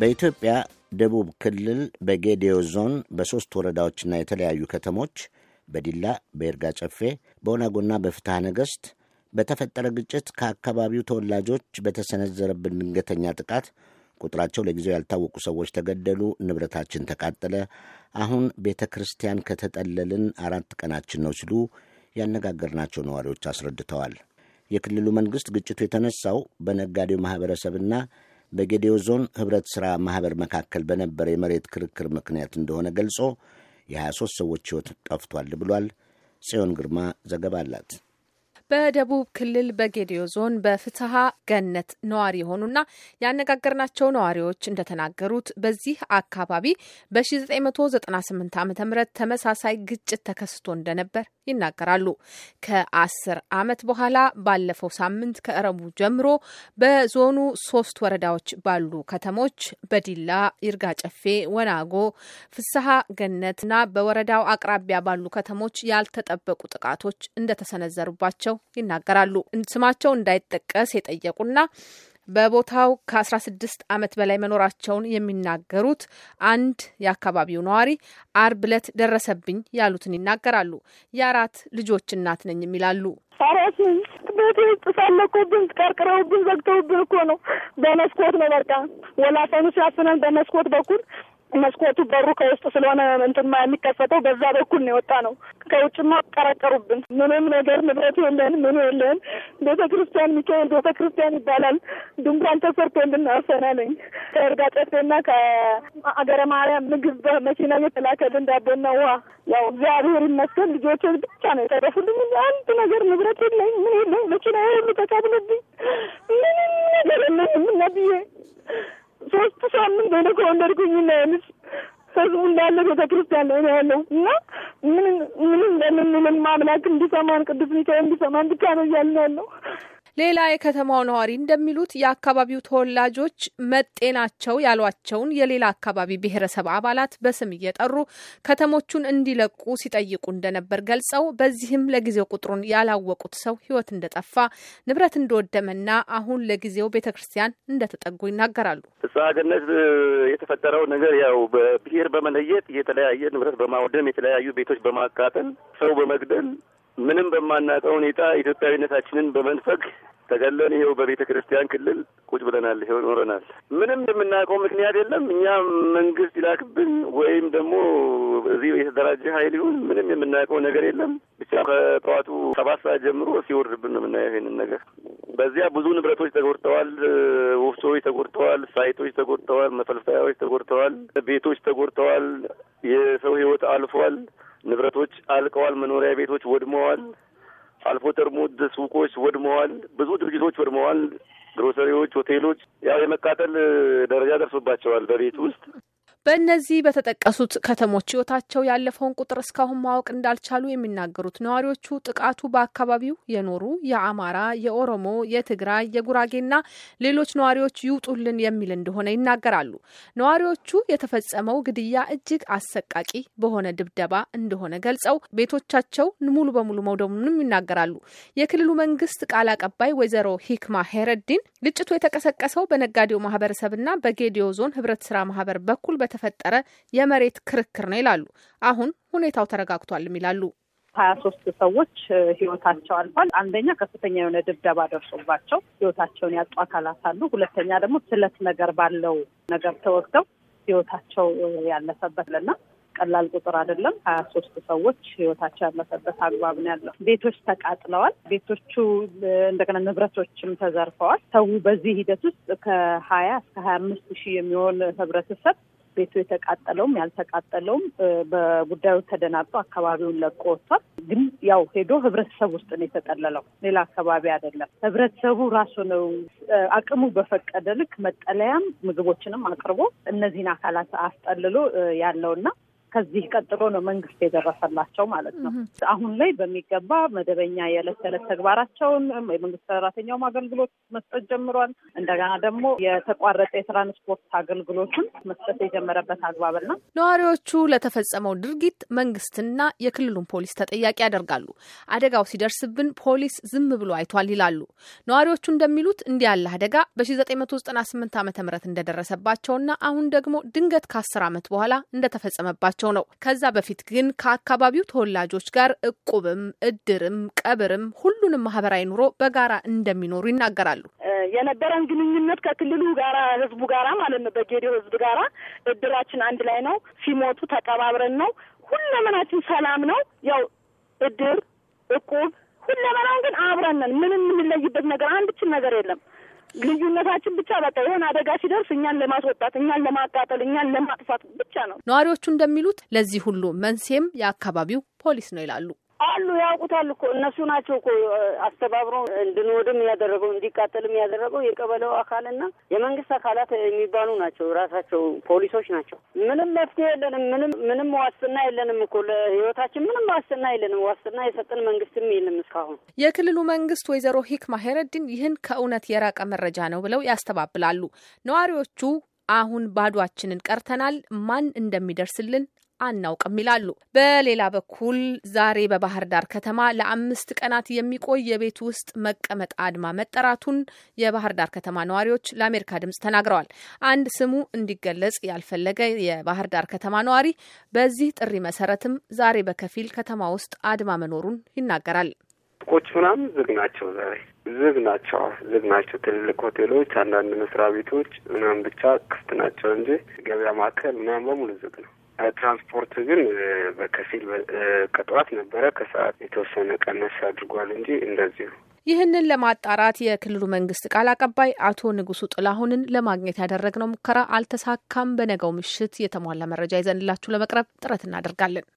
በኢትዮጵያ ደቡብ ክልል በጌዲዮ ዞን በሦስት ወረዳዎችና የተለያዩ ከተሞች በዲላ፣ በይርጋ ጨፌ፣ በወናጎና በፍትሐ ነገሥት በተፈጠረ ግጭት ከአካባቢው ተወላጆች በተሰነዘረብን ድንገተኛ ጥቃት ቁጥራቸው ለጊዜው ያልታወቁ ሰዎች ተገደሉ፣ ንብረታችን ተቃጠለ፣ አሁን ቤተ ክርስቲያን ከተጠለልን አራት ቀናችን ነው ሲሉ ያነጋገርናቸው ነዋሪዎች አስረድተዋል። የክልሉ መንግስት ግጭቱ የተነሳው በነጋዴው ማኅበረሰብና በጌዴዮ ዞን ኅብረት ሥራ ማኅበር መካከል በነበረ የመሬት ክርክር ምክንያት እንደሆነ ገልጾ የ23 ሰዎች ሕይወት ጠፍቷል ብሏል። ጽዮን ግርማ ዘገባ አላት። በደቡብ ክልል በጌዲዮ ዞን በፍትሀ ገነት ነዋሪ የሆኑና ያነጋገርናቸው ነዋሪዎች እንደተናገሩት በዚህ አካባቢ በ1998 ዓ ም ተመሳሳይ ግጭት ተከስቶ እንደነበር ይናገራሉ። ከአስር ዓመት በኋላ ባለፈው ሳምንት ከእረቡ ጀምሮ በዞኑ ሶስት ወረዳዎች ባሉ ከተሞች በዲላ፣ ይርጋ ጨፌ፣ ወናጎ፣ ፍስሐ ገነትና በወረዳው አቅራቢያ ባሉ ከተሞች ያልተጠበቁ ጥቃቶች እንደተሰነዘሩባቸው ይናገራሉ። ስማቸው እንዳይጠቀስ የጠየቁና በቦታው ከ16 ዓመት በላይ መኖራቸውን የሚናገሩት አንድ የአካባቢው ነዋሪ አርብ ዕለት ደረሰብኝ ያሉትን ይናገራሉ። የአራት ልጆች እናት ነኝ የሚላሉ አራስም ቤት ውስጥ ሳለኩብን ቀርቅረውብን ዘግተውብን እኮ ነው። በመስኮት ነው በቃ ወላፈኑ ሲያፍነን በመስኮት በኩል መስኮቱ በሩ ከውስጥ ስለሆነ እንትን የሚከፈተው በዛ በኩል ነው የወጣ ነው። ከውጭማ ቀረቀሩብን። ምንም ነገር ንብረት የለን ምን የለን። ቤተ ክርስቲያን ሚካኤል ቤተ ክርስቲያን ይባላል ድንኳን ተሰርቶ እንድናርሰናለኝ ከእርጋ ጨፌና ከአገረ ማርያም ምግብ በመኪና እየተላከልን ዳቦና ውሃ ያው እግዚአብሔር ይመስገን ልጆች ብቻ ነው የተረፉልኝ። አንድ ነገር ንብረት የለኝ ምን የለኝ። መኪና ሁሉ ተካብሎብኝ ምንም ነገር የለኝ ምናብዬ ሶስት ሳምንት ሆነ ከወለድኩኝ እና ያንስ ህዝቡ እንዳለ ቤተ ክርስቲያን ላይ ነው ያለው እና ምን ምን እንደምንልም አምላክ እንዲሰማን ቅዱስ ሚካኤል እንዲሰማን ብቻ ነው እያልን ያለው ሌላ የከተማው ነዋሪ እንደሚሉት የአካባቢው ተወላጆች መጤ ናቸው ያሏቸውን የሌላ አካባቢ ብሔረሰብ አባላት በስም እየጠሩ ከተሞቹን እንዲለቁ ሲጠይቁ እንደነበር ገልጸው በዚህም ለጊዜው ቁጥሩን ያላወቁት ሰው ሕይወት እንደጠፋ ንብረት እንደወደመና አሁን ለጊዜው ቤተ ክርስቲያን እንደተጠጉ ይናገራሉ። ፍስሀገነት የተፈጠረው ነገር ያው በብሔር በመለየት የተለያየ ንብረት በማውደም የተለያዩ ቤቶች በማቃጠል ሰው በመግደል ምንም በማናውቀው ሁኔታ ኢትዮጵያዊነታችንን በመንፈግ ተገለን ይኸው በቤተ ክርስቲያን ክልል ቁጭ ብለናል። ይኸው ኖረናል። ምንም የምናውቀው ምክንያት የለም። እኛ መንግስት ይላክብን ወይም ደግሞ እዚህ የተደራጀ ኃይል ይሁን ምንም የምናውቀው ነገር የለም። ብቻ ከጠዋቱ ሰባት ሰዓት ጀምሮ ሲወርድብን ነው የምናየው ይህንን ነገር። በዚያ ብዙ ንብረቶች ተጎድተዋል። ወፍጮዎች ተጎድተዋል። ሳይቶች ተጎድተዋል። መፈልፈያዎች ተጎድተዋል። ቤቶች ተጎድተዋል። የሰው ህይወት አልፏል። ንብረቶች አልቀዋል። መኖሪያ ቤቶች ወድመዋል። አልፎ ተርሞ ሱቆች ወድመዋል። ብዙ ድርጅቶች ወድመዋል። ግሮሰሪዎች፣ ሆቴሎች ያው የመቃጠል ደረጃ ደርሶባቸዋል። በቤት ውስጥ በእነዚህ በተጠቀሱት ከተሞች ህይወታቸው ያለፈውን ቁጥር እስካሁን ማወቅ እንዳልቻሉ የሚናገሩት ነዋሪዎቹ ጥቃቱ በአካባቢው የኖሩ የአማራ፣ የኦሮሞ፣ የትግራይ፣ የጉራጌና ሌሎች ነዋሪዎች ይውጡልን የሚል እንደሆነ ይናገራሉ። ነዋሪዎቹ የተፈጸመው ግድያ እጅግ አሰቃቂ በሆነ ድብደባ እንደሆነ ገልጸው ቤቶቻቸው ሙሉ በሙሉ መውደሙንም ይናገራሉ። የክልሉ መንግስት ቃል አቀባይ ወይዘሮ ሂክማ ሄረዲን ግጭቱ የተቀሰቀሰው በነጋዴው ማህበረሰብና በጌዲዮ ዞን ህብረት ስራ ማህበር በኩል የተፈጠረ የመሬት ክርክር ነው ይላሉ። አሁን ሁኔታው ተረጋግቷልም ይላሉ። ሀያ ሶስት ሰዎች ህይወታቸው አልፏል። አንደኛ ከፍተኛ የሆነ ድብደባ ደርሶባቸው ህይወታቸውን ያጡ አካላት አሉ። ሁለተኛ ደግሞ ስለት ነገር ባለው ነገር ተወግተው ህይወታቸው ለና ቀላል ቁጥር አይደለም። ሀያ ሶስት ሰዎች ህይወታቸው ያለፈበት አግባብ ነው ያለው። ቤቶች ተቃጥለዋል። ቤቶቹ እንደገና ንብረቶችም ተዘርፈዋል። ሰው በዚህ ሂደት ውስጥ ከሀያ እስከ ሀያ አምስት ሺህ የሚሆን ህብረተሰብ ቤቱ የተቃጠለውም ያልተቃጠለውም በጉዳዩ ተደናግጦ አካባቢውን ለቆ ወጥቷል። ግን ያው ሄዶ ህብረተሰብ ውስጥ ነው የተጠለለው፣ ሌላ አካባቢ አይደለም። ህብረተሰቡ ራሱ ነው አቅሙ በፈቀደ ልክ መጠለያም ምግቦችንም አቅርቦ እነዚህን አካላት አስጠልሎ ያለውና ከዚህ ቀጥሎ ነው መንግስት የደረሰላቸው ማለት ነው። አሁን ላይ በሚገባ መደበኛ የዕለት ተዕለት ተግባራቸውን የመንግስት ሰራተኛውም አገልግሎት መስጠት ጀምሯል። እንደገና ደግሞ የተቋረጠ የትራንስፖርት አገልግሎትም መስጠት የጀመረበት አግባብና ነዋሪዎቹ ለተፈጸመው ድርጊት መንግስትና የክልሉን ፖሊስ ተጠያቂ ያደርጋሉ። አደጋው ሲደርስብን ፖሊስ ዝም ብሎ አይቷል ይላሉ ነዋሪዎቹ። እንደሚሉት እንዲህ ያለ አደጋ በ1998 ዓ ም እንደደረሰባቸውና አሁን ደግሞ ድንገት ከአስር ዓመት በኋላ እንደተፈጸመባቸው መሆናቸው ነው። ከዛ በፊት ግን ከአካባቢው ተወላጆች ጋር እቁብም፣ እድርም፣ ቀብርም ሁሉንም ማህበራዊ ኑሮ በጋራ እንደሚኖሩ ይናገራሉ። የነበረን ግንኙነት ከክልሉ ጋራ ህዝቡ ጋራ ማለት ነው በጌዲዮ ህዝብ ጋራ እድራችን አንድ ላይ ነው። ሲሞቱ ተቀባብረን ነው። ሁለመናችን ሰላም ነው። ያው እድር እቁብ ሁለመናውን ግን አብረን ነን። የምንለይበት ነገር አንድችን ነገር የለም። ልዩነታችን ብቻ በቃ የሆነ አደጋ ሲደርስ እኛን ለማስወጣት፣ እኛን ለማቃጠል፣ እኛን ለማጥፋት ብቻ ነው። ነዋሪዎቹ እንደሚሉት ለዚህ ሁሉ መንስኤም የአካባቢው ፖሊስ ነው ይላሉ። አሉ ያውቁታል እኮ እነሱ ናቸው እኮ አስተባብሮ እንድንወድም ያደረገው እንዲቃጠልም ያደረገው የቀበሌው አካልና የመንግስት አካላት የሚባሉ ናቸው። ራሳቸው ፖሊሶች ናቸው። ምንም መፍትሄ የለንም። ምንም ምንም ዋስትና የለንም እኮ ለህይወታችን ምንም ዋስትና የለንም። ዋስትና የሰጠን መንግስትም የለም እስካሁን። የክልሉ መንግስት ወይዘሮ ሂክማ ሄረዲን ይህን ከእውነት የራቀ መረጃ ነው ብለው ያስተባብላሉ። ነዋሪዎቹ አሁን ባዷችንን ቀርተናል፣ ማን እንደሚደርስልን አናውቅም ይላሉ። በሌላ በኩል ዛሬ በባህር ዳር ከተማ ለአምስት ቀናት የሚቆይ የቤት ውስጥ መቀመጥ አድማ መጠራቱን የባህር ዳር ከተማ ነዋሪዎች ለአሜሪካ ድምጽ ተናግረዋል። አንድ ስሙ እንዲገለጽ ያልፈለገ የባህር ዳር ከተማ ነዋሪ በዚህ ጥሪ መሰረትም ዛሬ በከፊል ከተማ ውስጥ አድማ መኖሩን ይናገራል። ሱቆች ምናምን ዝግ ናቸው። ዛሬ ዝግ ናቸው፣ ዝግ ናቸው። ትልልቅ ሆቴሎች፣ አንዳንድ መስሪያ ቤቶች ምናምን ብቻ ክፍት ናቸው እንጂ ገበያ ማዕከል ምናምን በሙሉ ዝግ ነው። ትራንስፖርት ግን በከፊል ቀጥሯት ነበረ። ከሰዓት የተወሰነ ቀነስ አድርጓል እንጂ እንደዚሁ። ይህንን ለማጣራት የክልሉ መንግስት ቃል አቀባይ አቶ ንጉሱ ጥላሁንን ለማግኘት ያደረግነው ሙከራ አልተሳካም። በነገው ምሽት የተሟላ መረጃ ይዘንላችሁ ለመቅረብ ጥረት እናደርጋለን።